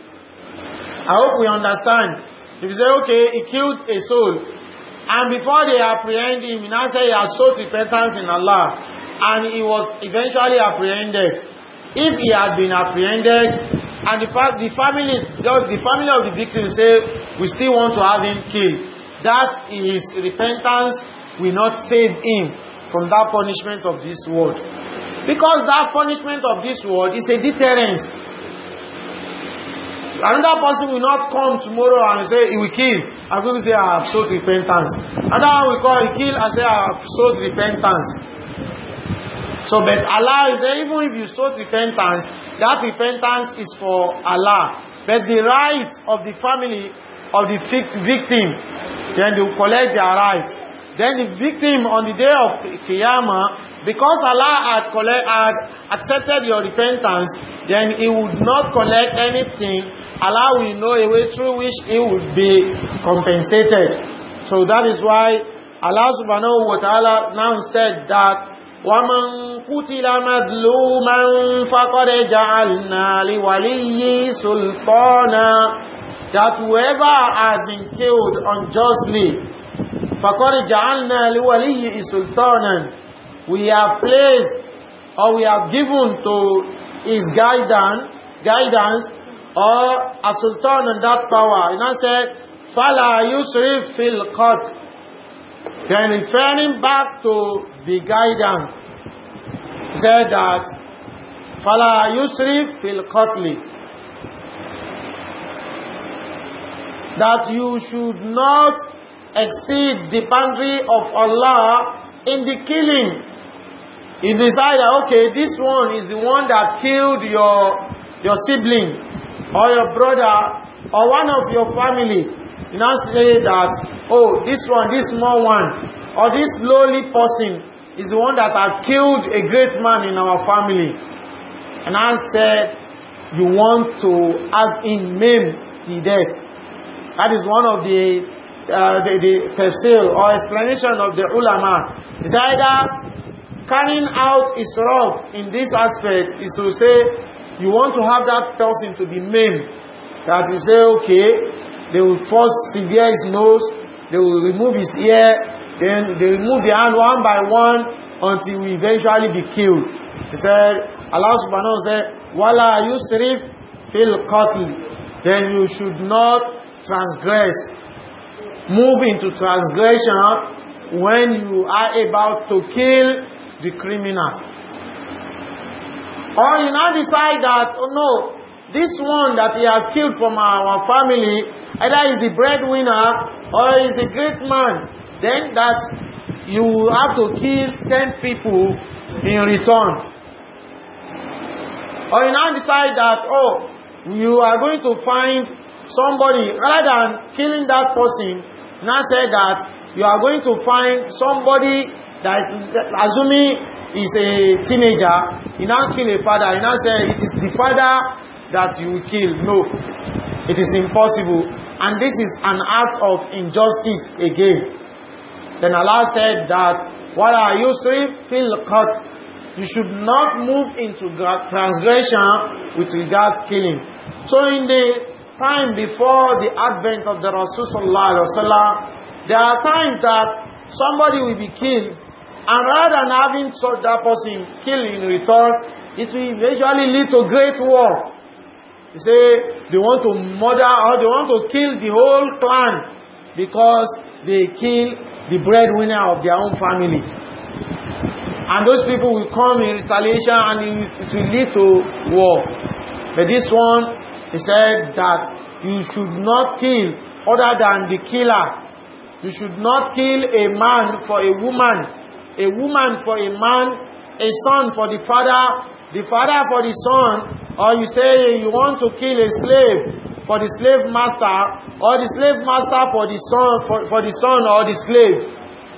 I hope we understand. If you say, okay, he killed a soul, and before they apprehend him, he now say he has sought repentance in Allah, and he was eventually apprehended if he had been apprehended and the, the family the family of the victim say we still want to have him killed that his repentance will not save him from that punishment of this world because that punishment of this world is a deterrence another person will not come tomorrow and say he will kill and people say I have sought repentance another one will call and kill and say I have sought repentance So, but Allah is even if you sought repentance, that repentance is for Allah. But the rights of the family of the victim, then they will collect their rights. Then the victim on the day of Qiyamah, because Allah had, collect, had accepted your repentance, then He would not collect anything. Allah will know a way through which He would be compensated. So that is why Allah subhanahu wa ta'ala now said that ومن قتل مذلوما فقد جعلنا لوليه سلطانا that whoever has been killed unjustly فقد جعلنا لوليه سلطانا we have placed or we have given to his guidance guidance or a sultan and that power and I said فلا يسرف في القتل Then referring back to the guidance, said that فَلَا يُسْرِفْ fil Kotli, That you should not exceed the boundary of Allah in the killing. You decide that, okay, this one is the one that killed your, your sibling or your brother or one of your family. You now say that, oh, this one, this small one, or this lowly person is the one that has killed a great man in our family. And I said, you want to have him maimed to death. That is one of the, uh, the, the tafsir or explanation of the ulama. It's either carrying out is wrong in this aspect is to say, you want to have that person to be maimed. That you say, okay, they will first severe his nose, they will remove his ear, then they remove the hand one by one until we eventually be killed. He said, Allah subhanahu said, Wala yusrif fil qatl. Then you should not transgress. Move into transgression when you are about to kill the criminal. Or you now decide that, oh no, this one that he has killed from our family, Either he's the breadwinner or he's a great man. Then that you have to kill ten people in return. Or you now decide that, oh, you are going to find somebody, rather than killing that person, now say that you are going to find somebody that, assuming is a teenager, you now kill a father, you now say it is the father that you kill. No, it is impossible. And this is an act of injustice again. Then Allah said that, What are you saying? Feel cut. You should not move into transgression with regards killing. So in the time before the advent of the Rasul Sallallahu there are times that somebody will be killed and rather than having that person killed in return, it will usually lead to great war. You say they want to murder or they want to kill the whole clan because they kill the breadwinner of their own family. And those people will come in retaliation and it will lead to war. But this one, he said that you should not kill other than the killer. You should not kill a man for a woman, a woman for a man, a son for the father, the father for the son, or you say you want to kill a slave for the slave master, or the slave master for the son, for, for the son or the slave.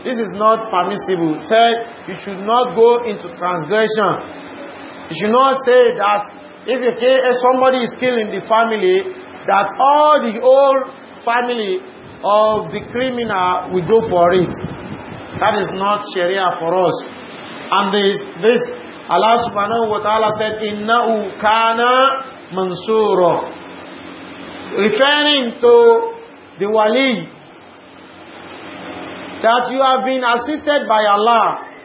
This is not permissible. Said you should not go into transgression. You should not say that if you kill, if somebody is killing the family, that all the whole family of the criminal will go for it. That is not Sharia for us. And this, this Allah subhanahu wa ta'ala said, Innahu kana mansura. Referring to the wali, that you have been assisted by Allah.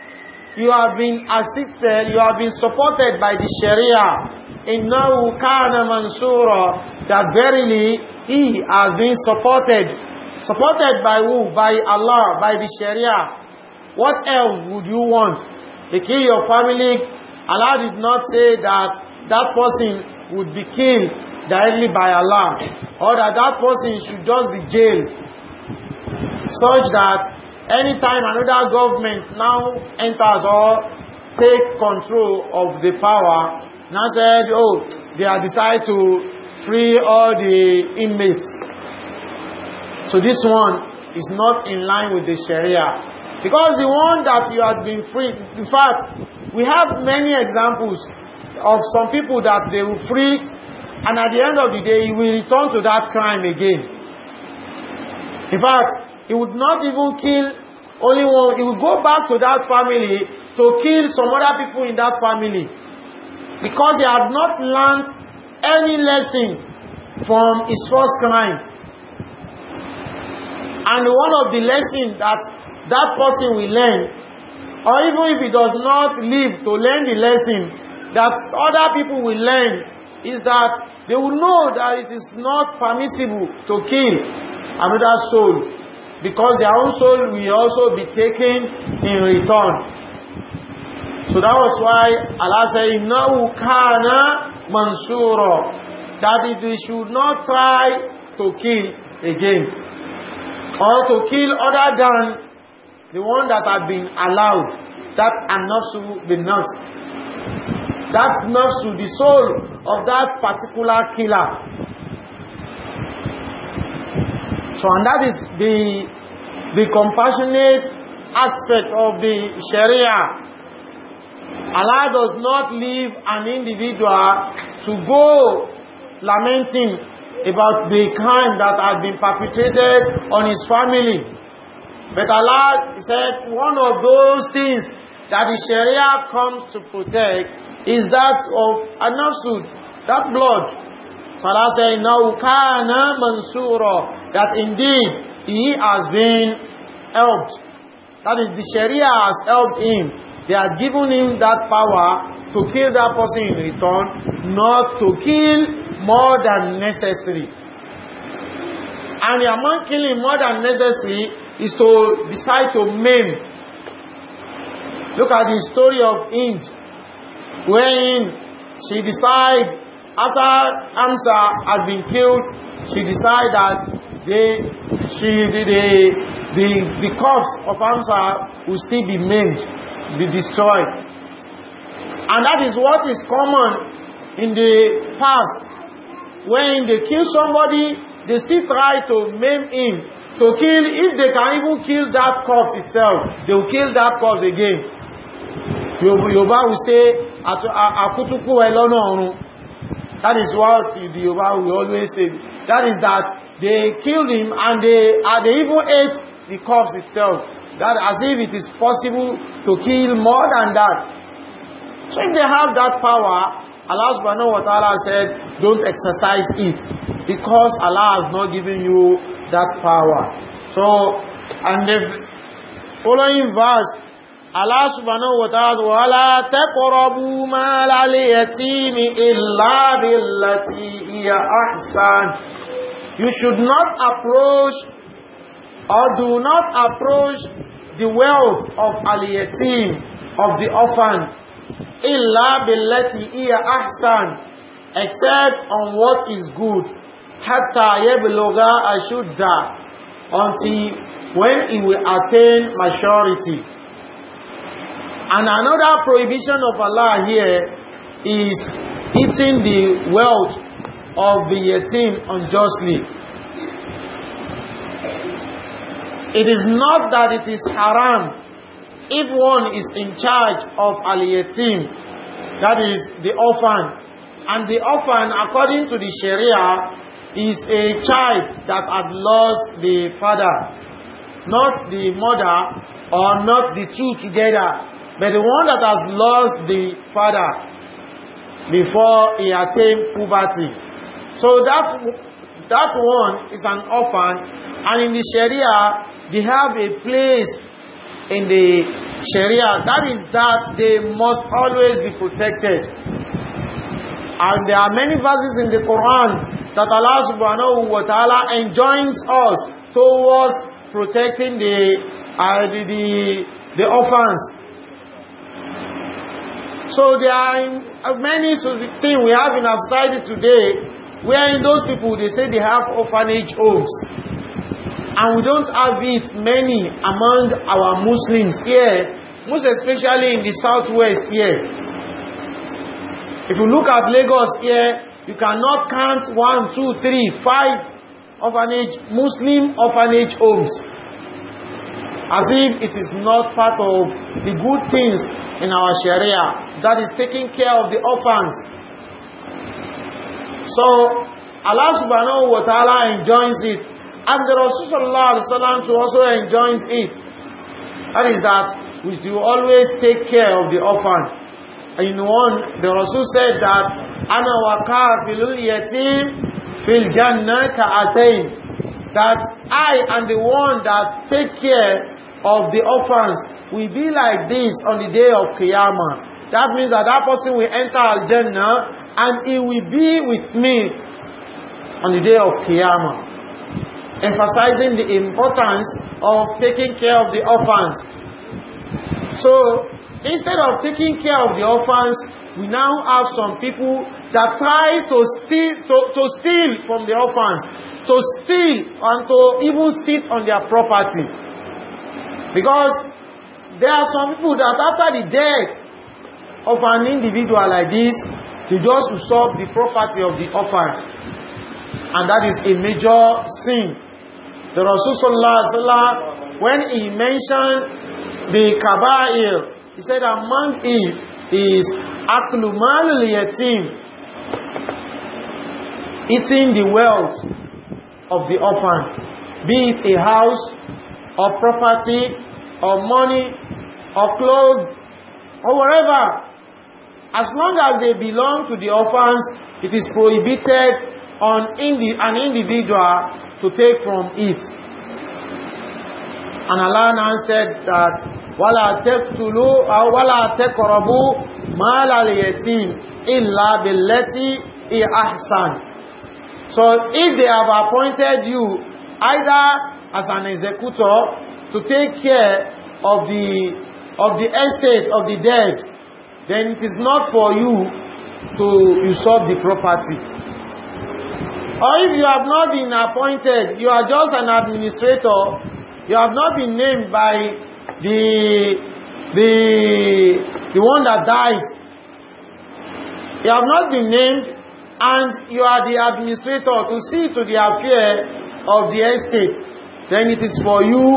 You have been assisted, you have been supported by the Sharia. Innahu kana mansura. That verily, he has been supported. Supported by who? By Allah, by the Sharia. What else would you want? The key your family Allah did not say that that person would be killed directly by Allah or that that person should just be jailed such that anytime another government now enters or take control of the power now said oh they have decided to free all the inmates so this one is not in line with the Sharia Because the one that you had been free, in fact, we have many examples of some people that they will free and at the end of the day, he will return to that crime again. In fact, he would not even kill only one, he will go back to that family to kill some other people in that family because he had not learned any lesson from his first crime. And one of the lessons that that person will learn. Or even if he does not live to learn the lesson that other people will learn is that they will know that it is not permissible to kill another soul because their own soul will also be taken in return. So that was why Allah said, إِنَّهُ كَانَ مَنْصُورًا That it should not try to kill again or to kill other than The one that have been allowed, that to be nafs. That to the soul of that particular killer. So, and that is the, the compassionate aspect of the Sharia. Allah does not leave an individual to go lamenting about the crime that has been perpetrated on his family But Allah said one of those things that the Sharia comes to protect is that of anasud, that blood. So Allah said, "Now kana mansura," that indeed he has been helped. That is, the Sharia has helped him. They have given him that power to kill that person in return, not to kill more than necessary. And among killing more than necessary, is to decide to maim. Look at the story of Ind, When she decided after Amsa had been killed, she decided that the she, the, the, the, the corpse of Amsa will still be maimed, be destroyed. And that is what is common in the past. When they kill somebody, they still try to maim him So kill, if they can even kill that corpse itself, they will kill that corpse again. Yoruba will say, Akutuku Elono Orun. That is what the Yoruba will always say. That is that they killed him and they, and they even ate the corpse itself. That as if it is possible to kill more than that. So if they have that power, Allah subhanahu wa ta'ala said, don't exercise it because Allah has not given you that power. So, and the following verse, Allah subhanahu wa ta'ala says, وَلَا تَقْرَبُوا مَالَ الْيَتِيمِ إِلَّا بِالَّتِي هِيَ أَحْسَنُ You should not approach or do not approach the wealth of Aliyatim of the orphan, illa billati iya ahsan except on what is good hatta yebloga ashudda until when he will attain maturity and another prohibition of Allah here is eating the wealth of the yatim unjustly it is not that it is haram if one is in charge of aliyatim, that is the orphan, and the orphan according to the Sharia is a child that had lost the father, not the mother or not the two together, but the one that has lost the father before he attained puberty. So that that one is an orphan and in the Sharia they have a place in the Sharia, that is that they must always be protected. And there are many verses in the Quran that Allah subhanahu wa ta'ala enjoins us towards protecting the, uh, the, the, the orphans, so there are uh, many things we have in our society today where those people they say they have orphanage homes. And we don't have it many among our Muslims here, most especially in the southwest here. If you look at Lagos here, you cannot count one, two, three, five orphanage, Muslim orphanage homes. As if it is not part of the good things in our Sharia that is taking care of the orphans. So, Allah subhanahu wa ta'ala enjoins it And the Rasulullah to also enjoined it. That is that we do always take care of the orphan. In one, the Rasul said that, Ana wa kafilul yatim fil jannah ka'atain. That I am the one that take care of the orphans will be like this on the day of Qiyamah. That means that that person will enter Al-Jannah and he will be with me on the day of Qiyamah emphasizing the importance of taking care of the orphans. So, instead of taking care of the orphans, we now have some people that tries to steal, to, to steal from the orphans, to steal and to even sit on their property. Because there are some people that after the death of an individual like this, they just usurp the property of the orphan. And that is a major sin The Rasulullah when he mentioned the kaba'il, he said among it is aklumal yatim, eating the wealth of the orphan, be it a house or property or money or clothes or whatever. As long as they belong to the orphans, it is prohibited on indi an individual to take from it. And Allah now said that, وَلَا تَقْتُلُوا أَوْ وَلَا تَقْرَبُوا مَالَ الْيَتِيمِ إِلَّا بِالَّتِي هِيَ ahsan." So if they have appointed you either as an executor to take care of the of the estate of the dead, then it is not for you to usurp the property. Or if you have not been appointed, you are just an administrator, you have not been named by the, the, the one that died. You have not been named and you are the administrator to see to the affair of the estate. Then it is for you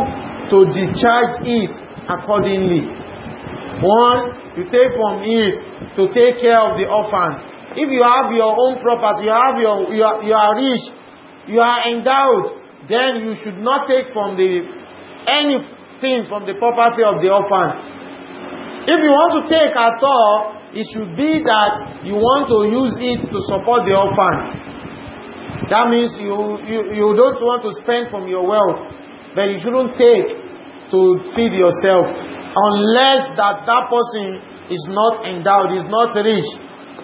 to discharge it accordingly. One, you take from it to take care of the orphan. If you have your own property, you have your, you are, you are rich, you are endowed, then you should not take from the, anything from the property of the orphan. If you want to take at all, it should be that you want to use it to support the orphan. That means you, you, you don't want to spend from your wealth, but you shouldn't take to feed yourself unless that that person is not endowed, is not rich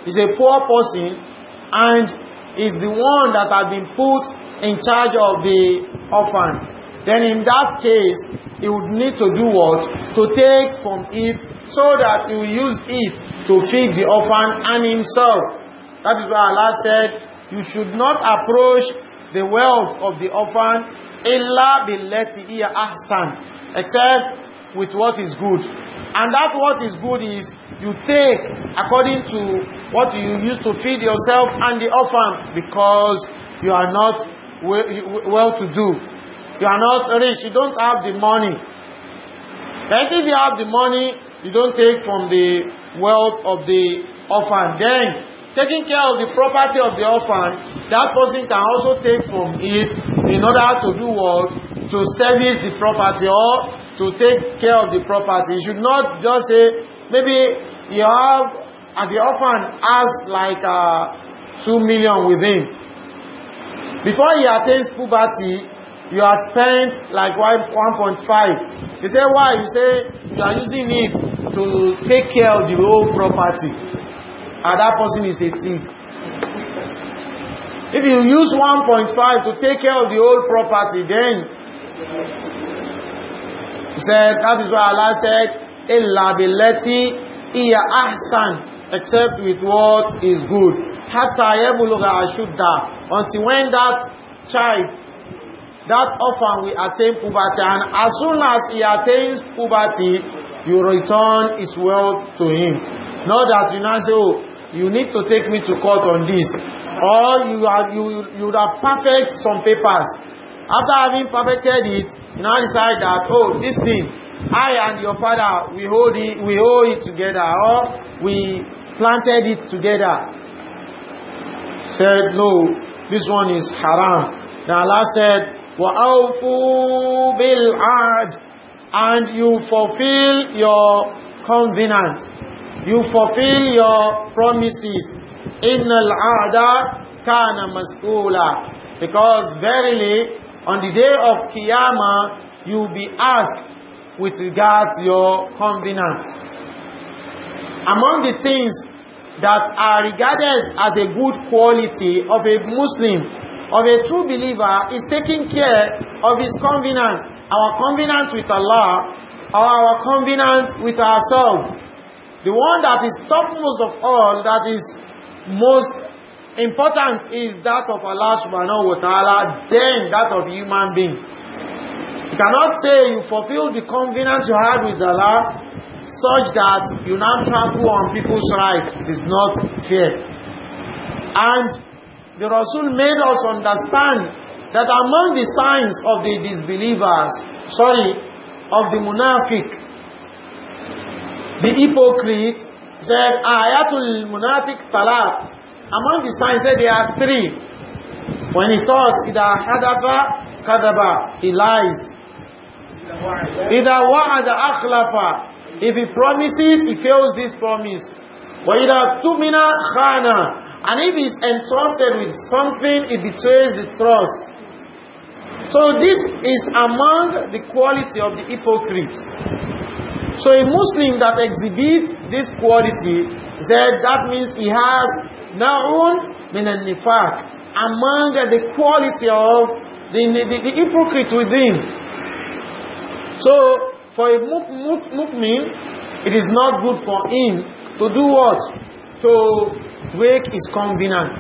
is a poor person and is the one that has been put in charge of the orphan then in that case he would need to do what to take from it so that he will use it to feed the orphan and himself that is why Allah said you should not approach the wealth of the orphan illa billati hiya ahsan except with what is good And that what is good is you take according to what you use to feed yourself and the orphan because you are not well-to-do. You are not rich. You don't have the money. Then if you have the money, you don't take from the wealth of the orphan. Then taking care of the property of the orphan, that person can also take from it in order to do what? To service the property or to take care of the property. You should not just say, maybe you have, at the orphan has like uh, 2 million with him. Before he attains puberty, you have spent like 1.5. You say, why? You say, you are using it to take care of the whole property. And that person is a thief. If you use 1.5 to take care of the whole property, then said, Abisra Allah said, Illa billati iya ahsan, except with what is good. Hatta yebuluga ashudda, until when that child, that orphan will attain puberty, and as soon as he attains puberty, you return his wealth to him. Not that you now say, oh, you need to take me to court on this. Or you, are, you, you have perfect some papers. After having perfected it, now decide that, oh, this thing, I and your father, we hold it, we owe it together, or we planted it together. Said, no, this one is haram. Now Allah said, bil بِالْعَهْدِ And you fulfill your covenant. You fulfill your promises. In al ada kana مَسْئُولًا Because verily, On the day of Qiyamah, you will be asked with regards to your covenant. Among the things that are regarded as a good quality of a Muslim, of a true believer, is taking care of his covenant, our covenant with Allah, or our covenant with ourselves. The one that is topmost of all, that is most importance is that of Allah subhanahu wa ta'ala then that of human being. You cannot say you fulfill the covenant you had with Allah such that you now trample on people's rights. It is not fair. And the Rasul made us understand that among the signs of the disbelievers, sorry, of the munafiq, the hypocrite, said, Ayatul munafiq talat, among the signs said there are three when he talks إذا حدث كذب he lies إذا وعد أخلف if he promises he fails this promise وإذا تمنى khana, and if he's entrusted with something, he betrays the trust. So this is among the quality of the hypocrite. So a Muslim that exhibits this quality, said that means he has نوع من النفاق among the quality of the, the, the, the hypocrite within so for a mu'min it is not good for him to do what to break his covenant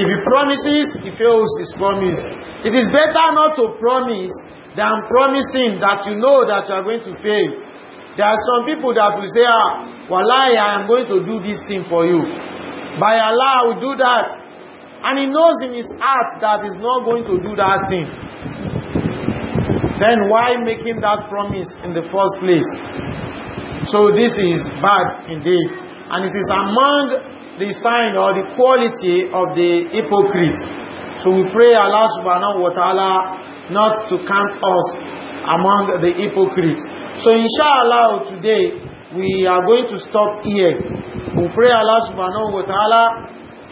if he promises he fails his promise it is better not to promise than promising that you know that you are going to fail there are some people that will say ah wallahi i am going to do this thing for you By Allah, we do that. And he knows in his heart that he's not going to do that thing. Then why making that promise in the first place? So this is bad indeed. And it is among the sign or the quality of the hypocrite. So we pray Allah subhanahu wa ta'ala not to count us among the hypocrites. So inshallah today we are going to stop here. We pray Allah subhanahu wa ta'ala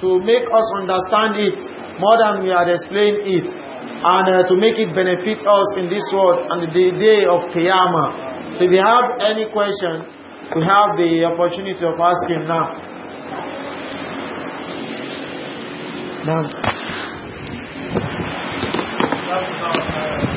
to make us understand it more than we had explained it and uh, to make it benefit us in this world and the day of Qiyamah. So if you have any question, we have the opportunity of asking now. Now.